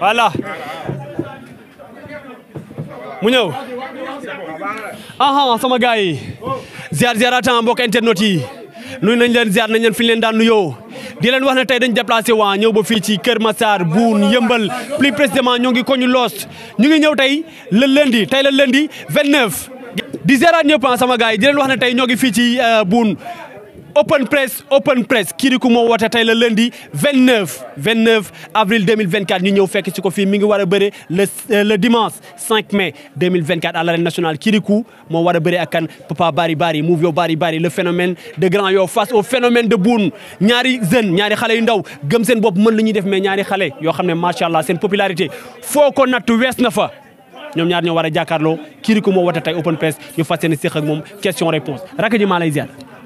voilà mu ñëw aha sama gaay ziar ziarata mbokk internet yi nuyu nañ leen ziar nañ leen fi ñu leen daan nuyoo di leen wax ne tey dañ déplacé waa ñëw ba fii ci Kër Massar Boune Yeumbeul plus précisément ñoo ngi koñu loos ñu ngi ñëw tey le lundi tey le lundi 29. di ziaraat ñëpp ah, sama gars yi di leen wax ne tey ñoo ngi fii ci euh, Boune. open press open press Kirikou moo woote tey la lundi 29 29 avril ñu ñëw fekk ci ko fi mi ngi war a bëre le euh, le dimanche 5 mai 2024 à l'arène nationale Kirikou moo war a bëre ak kan Papa Bari Bari Bari Bari le phénomène de Grand Yoff face au phénomène de Boune ñaari jeunes ñaari xale yu ndaw gëm seen bopp mën la ñuy def mais ñaari xale yoo xam ne macha allah seen popularité foo ko natt wees na fa. ñoom ñaar ñoo war a jàkkaarloo Kirikou moo woote tey open press ñu fas yéene séq ak moom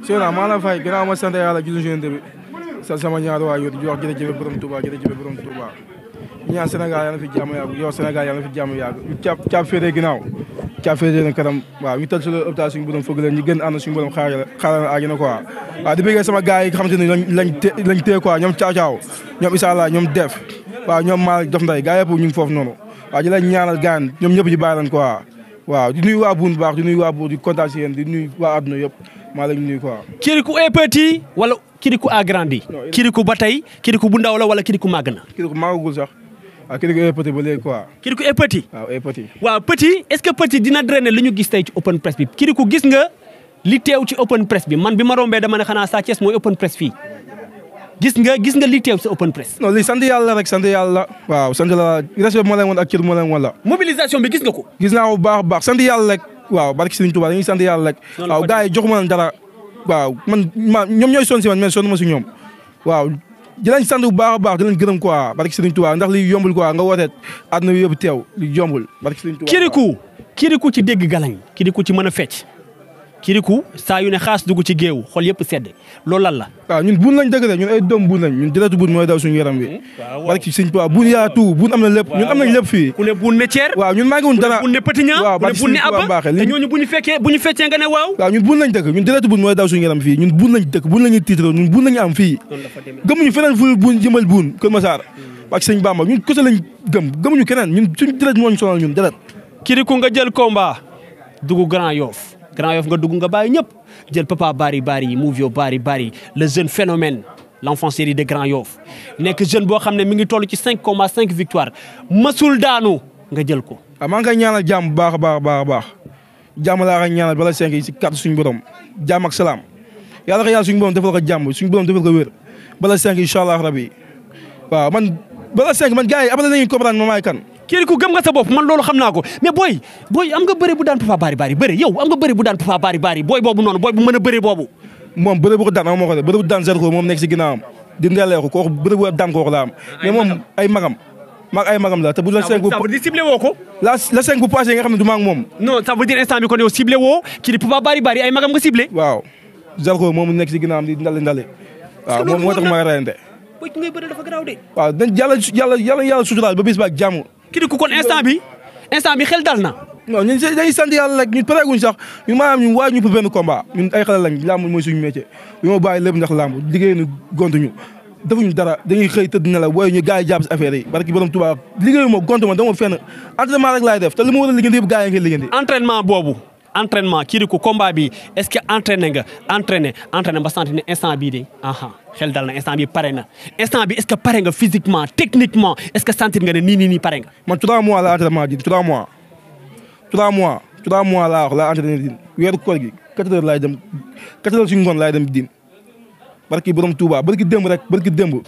Seydina maa la fay ginnaaw ma sant yàlla gisu jeunt bi sa sama ñaari waajur di wax jërëjëf borom Touba jërëjëf borom Touba ñaan Sénégal yàlla na fi jàmm yàgg yow Sénégal yàlla fi jàmm yàgg caab caab féetee ginnaaw caab na kanam waaw ñu tal su la hôpital suñu borom fëgg leen ñu gën ànd suñu borom xaaral xaaral aaj na quoi waaw sama gars yi nga ne lañ lañ lañ tee quoi ñoom caaw caaw ñoom Issa Allah ñoom def waaw ñoom Malick Dof ñoom ñëpp ñu bàyyi leen waaw di nuy waa buun baax di nuyu waa buur di kontaan si yéen di nuyu waa àdduna yëpp maa la ñu nuyu quoi. Kirikou est petit wala Kirikou a grandi. Kirikou ba tey Kirikou bu ndaw la wala Kirikou màgg na. Kirikou màggagul sax. waaw Kirikou est petit ba léegi quoi. Kirikou waaw est petit. waaw dina drainer li ñu gis tey ci open press bi Kirikou gis nga li teew ci open press bi man bi ma rombee dama ne xanaa Sa Thiès mooy open press fii. gis nga gis nga li teew si open press. non lii sant yàlla rek sant yàlla. waaw sant la respect moo leen woon moo leen bi gis nga ko. gis naa bu baax baax sant yàlla rek. waaw barki Serigne Touba dañuy sant yàlla rek. waaw gars yi joxuma dara. waaw man ma ñoom ñooy sonn si man man sonn ma si ñoom. waaw di leen sant bu baax a baax di leen gërëm quoi barki Serigne Touba ndax li yombul quoi nga woote àdduna bi yëpp teew li yombul barki Serigne Touba. kiriku kiriku ci dégg galañ kiriku ci mën a fecc kiriku saa yu ne xaas dugg ci géew xol yëpp sedd loolu lan la waaw ñun buun lañ dëgg de ñun ay doom buun lañ ñun direct buun mooy daw yaram hmm? nañ lépp fii ku ne buun ne ceer waaw ñun maa ngi wuñ dara buun ne petit ñaa ku ne buun ne abba ñu fekkee bu ñu ne waaw waaw ñun buun lañ dëgg ñun direct buun mooy daw suñu yaram fii ñun buun lañ dëkk buun lañuy tiitaroo ñun buun lañu am fii gëmuñu feneen fu buun jëmbal buun Kër Masaar hmm. ak sëñ Bamba ñun kese lañ gëm gëmuñu keneen ñun suñu direct ñu sonal ñun direct kiriku nga jël combat dugg Grand Yoff Grand Yoff nga dugg nga bàyyi ñëpp jël Papa Bari Bari Move Yo Bari Bari le jeune phénomène l'enfant de Grand Yoff nekk jeune boo xam ne mi ngi toll ci 5 combat 5 victoire masul daanu nga jël ko. waaw ah, maa ngi koy ñaanal jàmm bu baax a baax a baax jàmm laa koy ñaanal bala 5 yi si kàddu suñu borom jàmm ak salaam yàlla ko yàlla suñu borom defal ko jàmm suñu borom defal ko wér bala 5 incha allah rabi waaw man bala 5 man gars yi abal nañu comprendre ma kii ku nga sa bopp man loolu xam naa ko mais booy booy am nga bëre bu daan papa bari bari bëre yow am nga bëre bu daan papa bari bari boobu noonu booy bu mën a boobu moom bëre bu daan moo ko de bëre bu daan Zarko moom moom ay magam di ciblé woo waaw moom nekk si ginnaawam di rayante waaw dañ ba bis ba ak Kirikou kon instant bi instant bi xel dal na. non ñun dañuy sant yàlla rek ñun pareeguñ ñu maanaam ñun waay ñu pour benn combat ñun ay xale lañ làmb mooy suñu métier ñoo bàyyi lépp ndax làmb defuñu dara dañuy xëy tëdd na ñu gars yi jàpp si affaire yi barki borom tubaab liggéeyu ma gont ma dama fenn entraînement rek laay def te li ma war a liggéey yëpp gars yi ngeen liggéey boobu entraînement kii di ko combat bi est-ce que entraîné nga entraîné entraîné ba sentir instant bii de aha xel dal na instant bii pare na instant bi est-ce que pare nga physiquement techniquement est-ce que nga nii nii pare nga. man trois mois la entraînement ji trois mois trois mois laa wax din weeru koor gi laay dem quatre heures ci ngoon laay dem din barki borom Touba barki démb rek barki démb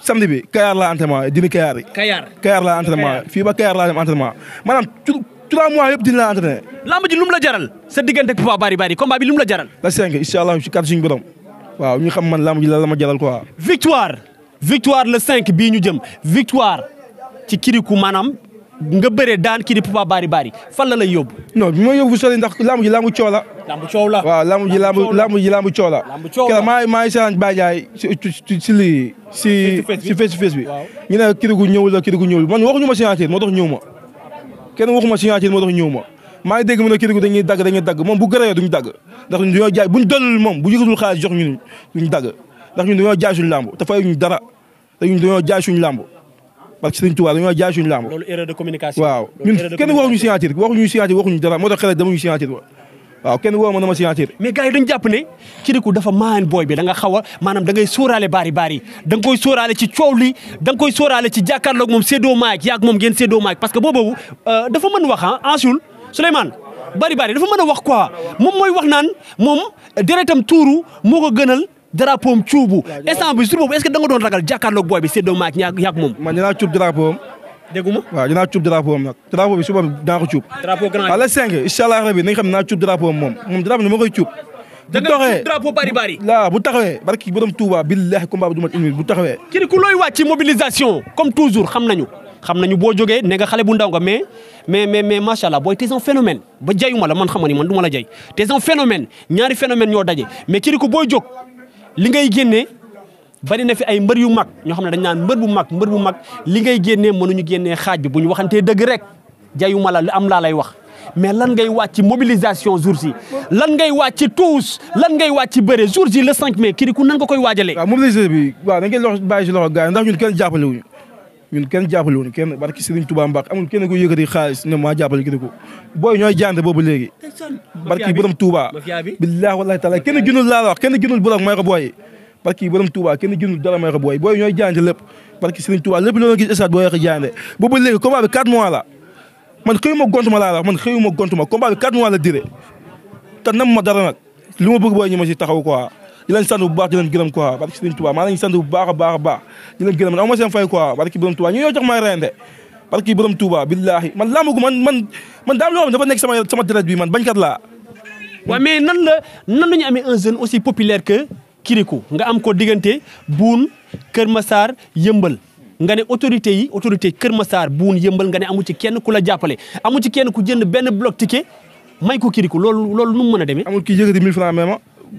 samedi bi Kayar laa entraînement dina Kayar. Kayar Kayar laa entraînement fii ba Kayar laa dem trois mois yëpp dina la entraîné. lamb ji lu la jaral sa diggante ak Papa Bari Bari combat bi lu la jaral. la cinq incha allah ci kàddu waaw ñu xam man lamb ji la la ma jaral quoi. victoire victoire le cinq bii ñu jëm victoire ci kiriku maanaam nga bëree daan kii di Papa Bari Bari fan la lay yóbbu. non bi ma yóbbu sori ndax lamb ji lamb coow la. lamb coow la waaw ji lamb lamb ji la. lamb la maa maa ngi seetaan Baye Ndiaye si si lii si si face to face bi. ñu ne kiriku ñëwul la kiriku ñëwul man waxuñu ma signature moo tax ñëw ma. kenn waxuma signature moo tax ñëw ma maa ngi dégg mu ne Kédougou dañuy dagg dañuy dagg moom bu gërëyoo duñu dagg ndax ñu dañoo jaay buñ dollul moom bu yëgatul xaalis dagg ndax ñun dañoo jaay suñu làmb te fayuñu dara te ñun dañoo jaay suñu làmb parce que Sëriñ Tuubaa dañoo jaay suñu làmb loolu erreur de communication waaw ñun kenn waxuñu waaw kenn woo ma na ma signature mais gars yi dañu jàpp ne Kirikou dafa maan booy bi da nga a maanaam da ngay baari baari da koy sóoraale ci coow li da koy sóoraale ci jàkkaarloog moom séddoo maag yaag moom ngeen séddoo maag parce que boobu euh, dafa mën wax ah Ansoul Souleymane bari bari dafa mën a wax quoi moom mooy wax naan moom deretam tuuru moo ko gënal drapeau am cuubu instant bi sur boobu est doon ragal jàkkaarloog booy bi séddoo maag yaag moom dégguma waaw dinaa cuub drapeau am nag drapeau bi suba dinaa ko cuub. drapeau grand waaw rabi nañ xam ne dinaa cuub drapeau am moom moom drapeau bi ma koy cuub. bu taxawee drapeau bari bari. laa bu taxawee barki borom Touba billahi combat bi du mat une minute bu taxawee. kii ku looy wàcc ci mobilisation comme toujours xam nañu. xam nañu boo joge ne nga xale bu ndaw nga mais mais mais mais macha allah booy t'es un phénomène ba jayuma la man xam nga man du ma la jay t'es un phénomène ñaari phénomène ñoo daje mais kii ko booy jóg li ngay génnee bari na fi ay mbër yu mag ñoo xam ne dañ naan mbër bu mag mbër bu mag li ngay génnee mënuñu génnee xaaj bi bu ñu waxantee dëgg rek jayu ma la lu am laa lay wax mais lan ngay wàcc ci mobilisation jours yi lan ngay wàcc ci tous lan ngay wàcc ci bëre jours yi le 5 mai Kirikou nan nga koy waajalee. waaw mobilisation bi waaw da ngeen loxo bàyyi si loxo gars yi ndax ñun kenn jàppale wuñu ñun kenn jàppale wuñu kenn barki Serigne Touba Mbacke amul kenn ku yëkkati xaalis ne maa jàppale Kirikou booy ñooy jante boobu léegi barki borom Touba billaahi wallaahi taala laa la wax kenn gënul borom mooy ko booy parce que borom Touba kenn jëndul dara may ko booy booy ñooy jaayante lépp parce que Serigne Touba lépp loo gis stade booy boobu léegi combat bi 4 mois la man xëyuma gontu ma laa la man xëyuma gontu ma combat bi 4 mois la duré te nam ma dara nag li ma booy ñu si taxaw quoi di leen sant bu baax di leen gërëm quoi parce que Serigne maa leen sant bu baax baax a baax di aw ma seen fay quoi parce que borom Touba ñu ñoo jox may reyante parce que kiriku nga am ko diggante buun Kër Massar yëmbal nga ne autorité yi autorité Kër Massar buun yëmbal nga ne amu ci kenn ku la jàppale amu ci kenn ku jënd benn bloc ticket may ko kiriku loolu loolu nu mu mën a demee. amul ki yëkkati 1000 francs même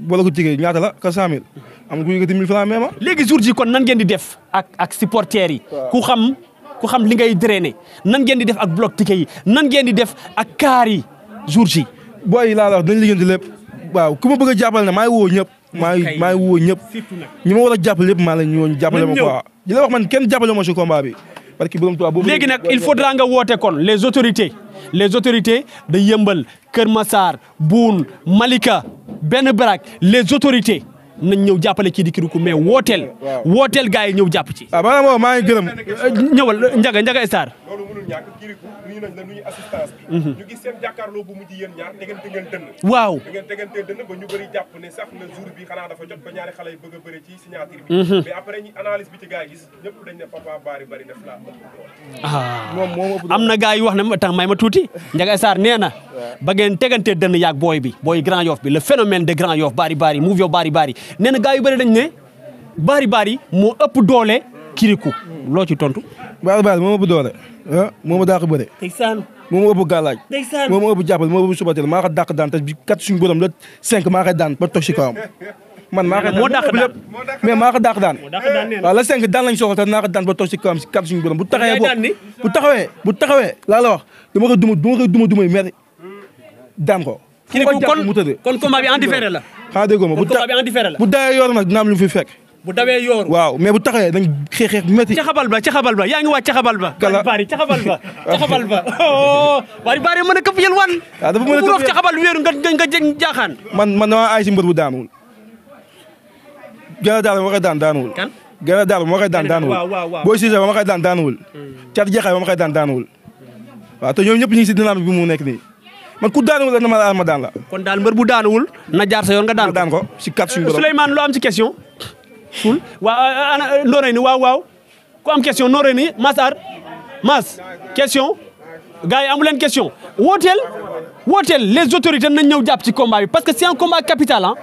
boole ko ticket ñaata la 400000 amul ku yëkkati 1000 francs même. léegi jour kon nan ngeen di def ak ak yi. ku xam ku xam li ngay drainer nan ngeen di def ak bloc ticket yi nan ngeen di def ak kaari yi jour ji. booy yi laa la wax dañu liggéeyante lépp waaw ku ma bëgg a jàppale ne maa woo ñëpp. maa ngi maa ngi woo ñëpp ñi ma war a jàppale yëpp maa la ñu woon jàppale ma quoi di la wax man kenn jàppale ma si combat bi parce que borom tubaab boobu léegi nag il faudra nga woote kon les autorités les autorités de Yeumbeul Kër masaar Boune Malika Benn Baraak les autorités nañ ñëw jàppale kii di Kirikou mais wooteel. waaw wooteel gars yi ñëw jàpp ci. Ah, waaw maanaam maa ngi gërëm. ñëwal Ndiaga Ndiaga Star. loolu mënul ñàkk Kirikou nuyu nañ la nuyu assistance bi. Mhm. ñu gis seen jàkkaarloo bu mujj yéen ñaar tegante ngeen dënn. waaw da ngeen tegante ne sax na jour bi xanaa dafa jot ba ñaari xale yi a bëri ci signature mhm. gis ñëpp dañ ne papa bari ah. moom moom am na gars yi wax ne ma tax may ma tuuti Ndiaga saar nee na ba ngeen tegantee dënn yaag booy bi booy Grand Yoff bi le phénomène de Grand Yoff Bari Bari move yow Bari Bari nee na dañ ne Bari Bari moo ëpp doole kiriku loo ci tontu. Bari Bari moo ëpp doole ah, moo ma ëpp gàllaaj. moo ma ëpp jàppal moo ëpp subatel maa ko dàq daan te kat suñu borom la cinq maa koy daan ba toog si kawam. man maa ko moo dàq daan mais maa ko dàq daan. waaw la cinq daan lañ soxla te naa ko daan ba toog si kawam si kat suñu borom bu taxawee. bu taxawee bu wax duma duma duma duma yu daan ko. ki ko jàpp mu tëdd kon combat bi en la. xanaa déggoo ma bu combat bi en la. bu dawee yoor nag dina lu fi fekk. bu dawee yoor waaw mais bu taxawee dañ xeex xeex métti. caxabal ba caxabal ba yaa ngi waa caxabal ba. kala bari caxabal ba caxabal ba. Oh, bari ma mën a këpp yéen wan. waaw ah, dafa mën a këpp yéen nga nga jaaxaan. man man damaa aay si mbër bu daanuwul. gën a daal ma koy daan daanuwul. kan gën a daal ma koy daan daanuwul. waaw waaw waaw booy Cissé ma koy daan daanuwul. Hmm. cat jeexaay ma koy daan daanuwul. waaw te ñoom ñëpp ñu si dynamique bi m nekk nii man ku daanuwul rek na ma daan la. kon daal mbër bu daanuwul na jaar sa yoon nga daan ko daan ko si kàddu suñu borom Souleymane loo am ci question. ful waa euh, ana euh, Ndoré ni waaw question Ndoré ni Mass question. gars yi amu leen question wooteel wooteel les autorités nañ ñëw jàpp ci combat parce que c'est un combat capital ah.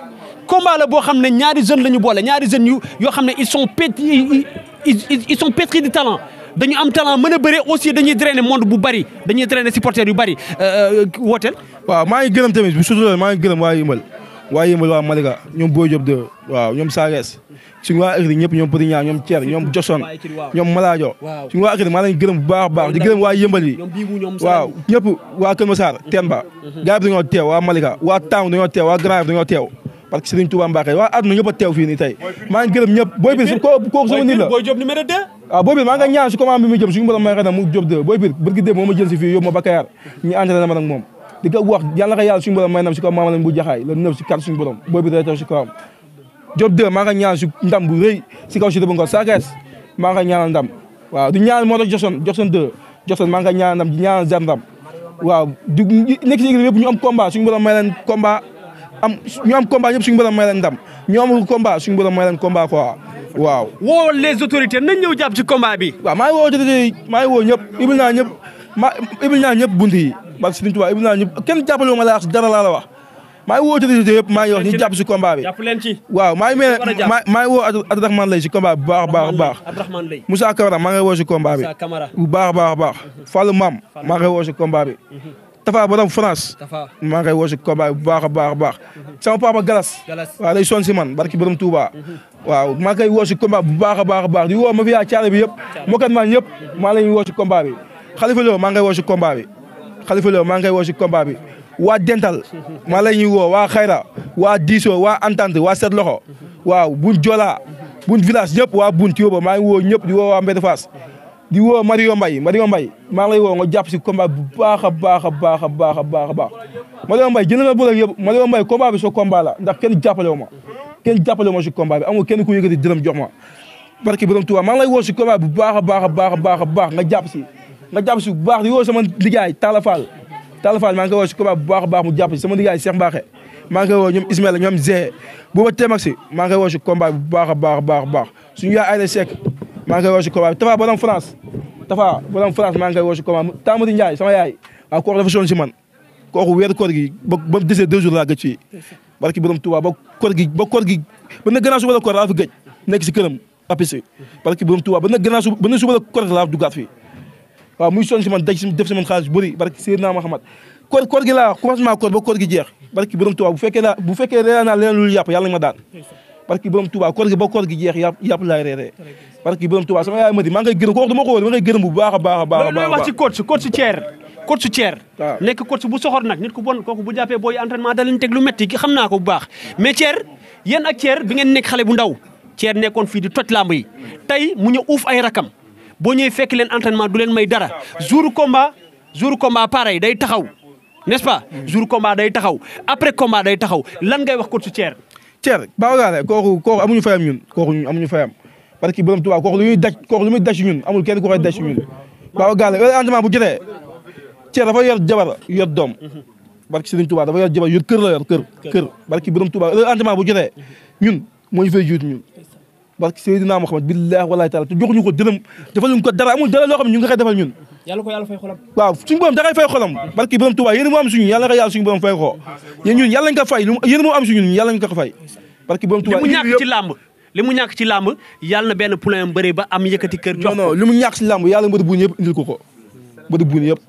combat la boo xam ne ñaari jeunes la ñu boole ñaari jeunes yu yoo xam ne ils sont pétri ils sont pétris de talent. dañu am talent mën a bëre aussi dañuy drainer monde bu bari dañuy drainer supporters yu bari wooteel. waaw maa ngi gërëm tamit surtout loolu maa ngi gërëm waa Yeumbeul waa Yeumbeul Malika ñoom Boy Diop de waaw ñoom Sages suñu waa écrit ñoom Petit Niang ñoom Thier ñoom Joson ñoom Maladio suñu waa écrit maa leen gërëm bu baax baax di gërëm waa Yeumbeul yi ñëpp waa Kër Massar Temba gars bi dañoo teew waa Malika waa Town dañoo teew waa Grand dañoo teew parce que Serigne Touba Mbacké waa àdduna ñëpp a teew fii nii tey maa ñëpp booy bi kooku waaw ah, booy bir maa nga ñaan si commande bi mu jëm suñu borom may xëy na mu job de booy bir bërki dé moo ma jël si fii yóbbu ma Bakayar ñu entraîné ma nag moom di ko wax yàlla nga yàlla suñu borom may nam si kaw maama lañ bu ndam bu rëy si kaw si dëba ngo sakees maa nga ñaanal ndam waaw ndam waaw di nekk si équipe yëpp ñu am combat suñu borom may leen ndam ñu amul combat suñu may leen combat quoi waaw woo les autorités nañ ñëw jàpp ci combat bi. waaw maa woo maa ngi woo ñëpp ibil naa ñëpp ñëpp bunt yi barke Sëriñ Tuubaa ibil naa ñëpp kenn jàppale ma la wax dara laa la maa ngi woo autorités yëpp maa ngi wax ñu jàpp si combat bi jàpp leen ci waaw maa ngi mel maa ngi woo Abdourahmane Lay si combat bi baax baax baax Moussa Camara maa ngi woo si combat bi bu baax baax baax Fallou Mam maa ngi woo si combat bi mhm. Tafa ba dem France. Tafa maa ngi koy woo si combat baax a baax a baax. Mhm. sama papa Galas. Galas waaw day son si man barki borom Touba. Mhm. waaw maa ngi koy woo si combat baax a baax a baax di woo ma fi yaa caare bi yëpp. mokkat mhm. maa ñëpp maa ngi lay woo si combat bi. Khalifa Lo maa ngi koy woo si combat bi. maa ngi koy woo si combat waa dental maa la ñuy woo waa xayra waa diiso waa entente waa set loxo waaw buñ jola buñ village ñëpp waa buñ Tioba maa ngi woo ñëpp di woo waa Mbedd di woo Mario Mbaye Mario Mbaye maa ngi lay woo nga jàpp si combat bu baax a baax a baax a baax a baax a baax Mario Mbaye jël nga bëre yëpp Mario Mbaye combat bi so combat la ndax kenn jàppalewu ma kenn jàppalewu ma si combat bi kenn ku yëkkati dërëm jox ma parce que borom Tuubaa maa ngi lay woo si combat bu baax a baax a baax a baax a baax nga si nga bu baax di woo sama liggéey Talla Fall maa ngi koy woo si combat bu baax a baax mu jàpp si sama liggéey Cheikh Mbacké maa ngi koy woo si maa ngi koy woo si combat baax a baax a baax a baax suñu yaay Aïda maa ngi koy woo si combat bi Tafa borom France Tafa borom France maa ngi koy woo si combat sama yaay waaw kooku dafa sonn si man kooku weeru koor gi ba ba mu jours laa gëj fii barki borom Touba ba koor gi ba koor la koor laa fi fi duggaat muy sonn si man def si man xaalis bëri barki Seydina Mahamad koor koor gi laa commencement koor ba koor gi jeex barki borom Touba bu fekkee laa bu fekkee laa naa daan parce que borom Touba koor gi ba koor gi jeex yàpp yàpp laay reeree parce que borom Touba sama yaay ma di maa ngay gërëm ko wax dama ko wóor ma ngay gërëm bu baax a baax a baax looy wax ci coach coach Thier coach Thier waaw nekk coach bu soxor nag nit ku bon kooku bu jàppee booy entraînement da leen teg lu métti gi xam naa ko bu baax mais Thier yéen ak Thier bi ngeen nekk xale bu ndaw Thier nekkoon fii di toj làmb yi tey mu ñëw uuf ay rakam boo ñëwee fekk leen entraînement du leen may dara jour combat jour combat pareil day taxaw n'est-ce pas jour combat day taxaw après combat day taxaw lan ngay wax coach Thier Thier Baba Gane kooku kooku amuñu fayam ñun kooku amuñu fayam parce que borom Tuubaa kooku lu ñuy daj kooku lu muy daj ñun amul kenn ku koy daj ñun Baba Gane heure entraînement bu jotee Thier dafa yor jabar yor doom barki Sëriñ Tuubaa dafa yor jabar yor kër la yor kër kër barki borom Tuubaa heure entraînement bu jotee ñun moo ñu fay jiitu ñun barki Seydina Muhammad billaahi wallaahi taala te joxuñu ko dërëm defaluñu ko dara amul dara loo xam ne ñu nga koy defal ñun yàlla ko yàlla fay xolam waaw suñu borom da ngay fay xolam barki borom Tuubaa yéen moo am suñu yàlla nga yàlla suñu fay ko yéen am suñu ñun yàlla ñu fay barki borom Tuubaa li mu ñàkk ci làmb li mu ñàkk ci làmb yàlla na benn poulain bëri ba am yëkkati kër jox li mu ñàkk ci làmb yàlla mbëri buun yëpp indil ko ko mbëri buun yëpp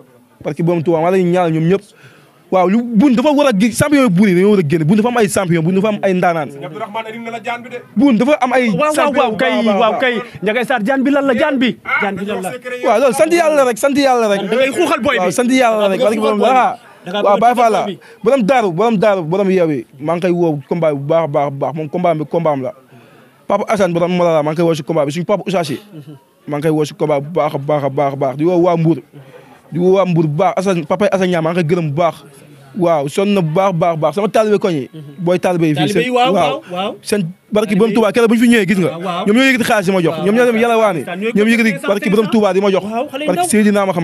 barki borom Tuubaa maa la ñaanal ñoom ñëpp waaw lu buun dafa war a gis champion yi buun yi a génn am ay champion buun am ay ndaanaan kay waaw kay Ndiaga Sarr jaan bi lan la jaan bi ah, jaan bi lan la waaw loolu sant yàlla rek sant yàlla rek da daa waaw Baye Fall la borom daaru borom daaru borom yeewi woo combat baax baax baax moom combat bi combat am la papa Assane borom Malala maa ngi koy woo papa Ousachi maa ngi koy baax baax a baax di woo waa Mbour di woo waa Mbour bu baax Assane papa Assane Niang maa bu baax. waaw sonn na bu baax baax baax sama taalibe koñ yi. Mhm. booy taalibe yi fii seen waaw waaw barki borom Touba keroog ma jox ñoom ñoo dem yàlla waane ñoom yëkkati barki borom Touba di ma jox barki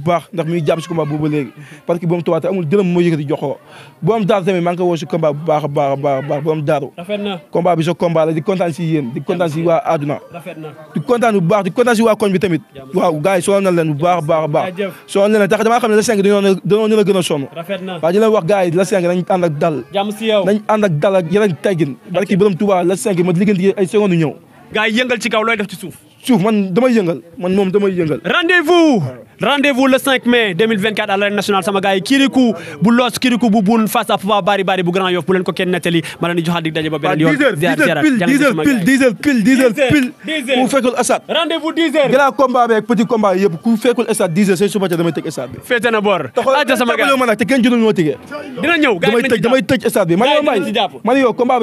baax ndax mi ngi jàpp si combat boobu ba léegi barki borom Touba te amul dërëm moo yëkkati jox ko borom daaru tamit maa ngi koy woo si combat bu baax a baax a baax a baax borom daaru combat bi sa combat di kontaan si yéen di kontaan si waa àdduna di kontaan bu baax di kontaan si waa koñ bi tamit waaw gars yi na leen baax a baax a a dal ak yar ak teggin barki borom la cinq ma liggéey ay seconde ñëw gaa yëngal ci kaw looy def ci suuf suuf man damay yëngal man moom damay yëngal. rendez-vous rendez sama gars yi bu Loos Kirikou bu Boune face à Bari Bari bu Grand Yoff bu ko kenn nettali ma leen di joxaat dig daje ba beneen yoon. ziar ziar pile 10 heures pile 10 heures pile 10 heures pile. 10 heures ku fekkul stade. rendez-vous 10 heures. grand combat beeg ku fekkul stade 10 heures say suba ca damay bi. féete na boor. sama gars taxaw ma nag bi. Mario Mbaye la. combat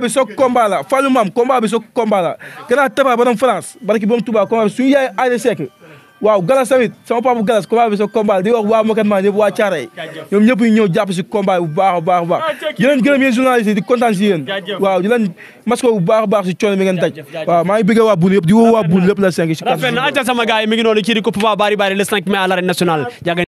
bi sa combat la Fallou Mam combat bi sa combat la gannaaw Taba borom France barki borom Touba combat bi suñu yaay Aliou Seck waaw Galas tamit sama papa Galas combat bi sa combat di wax waa Moket waa Thiaray ñoom ñëpp ñu ñëw si combat bu baax a baax a baax di leen gërëm yéen journaliste yi di kontaan si waaw di masko bu baax a baax si coono mi daj waaw maa ngi waa Boune yëpp di woo waa Boune lépp la 5 si rafet na sama gars noonu kii ko Papa Bari Bari le 5 mai à l'arène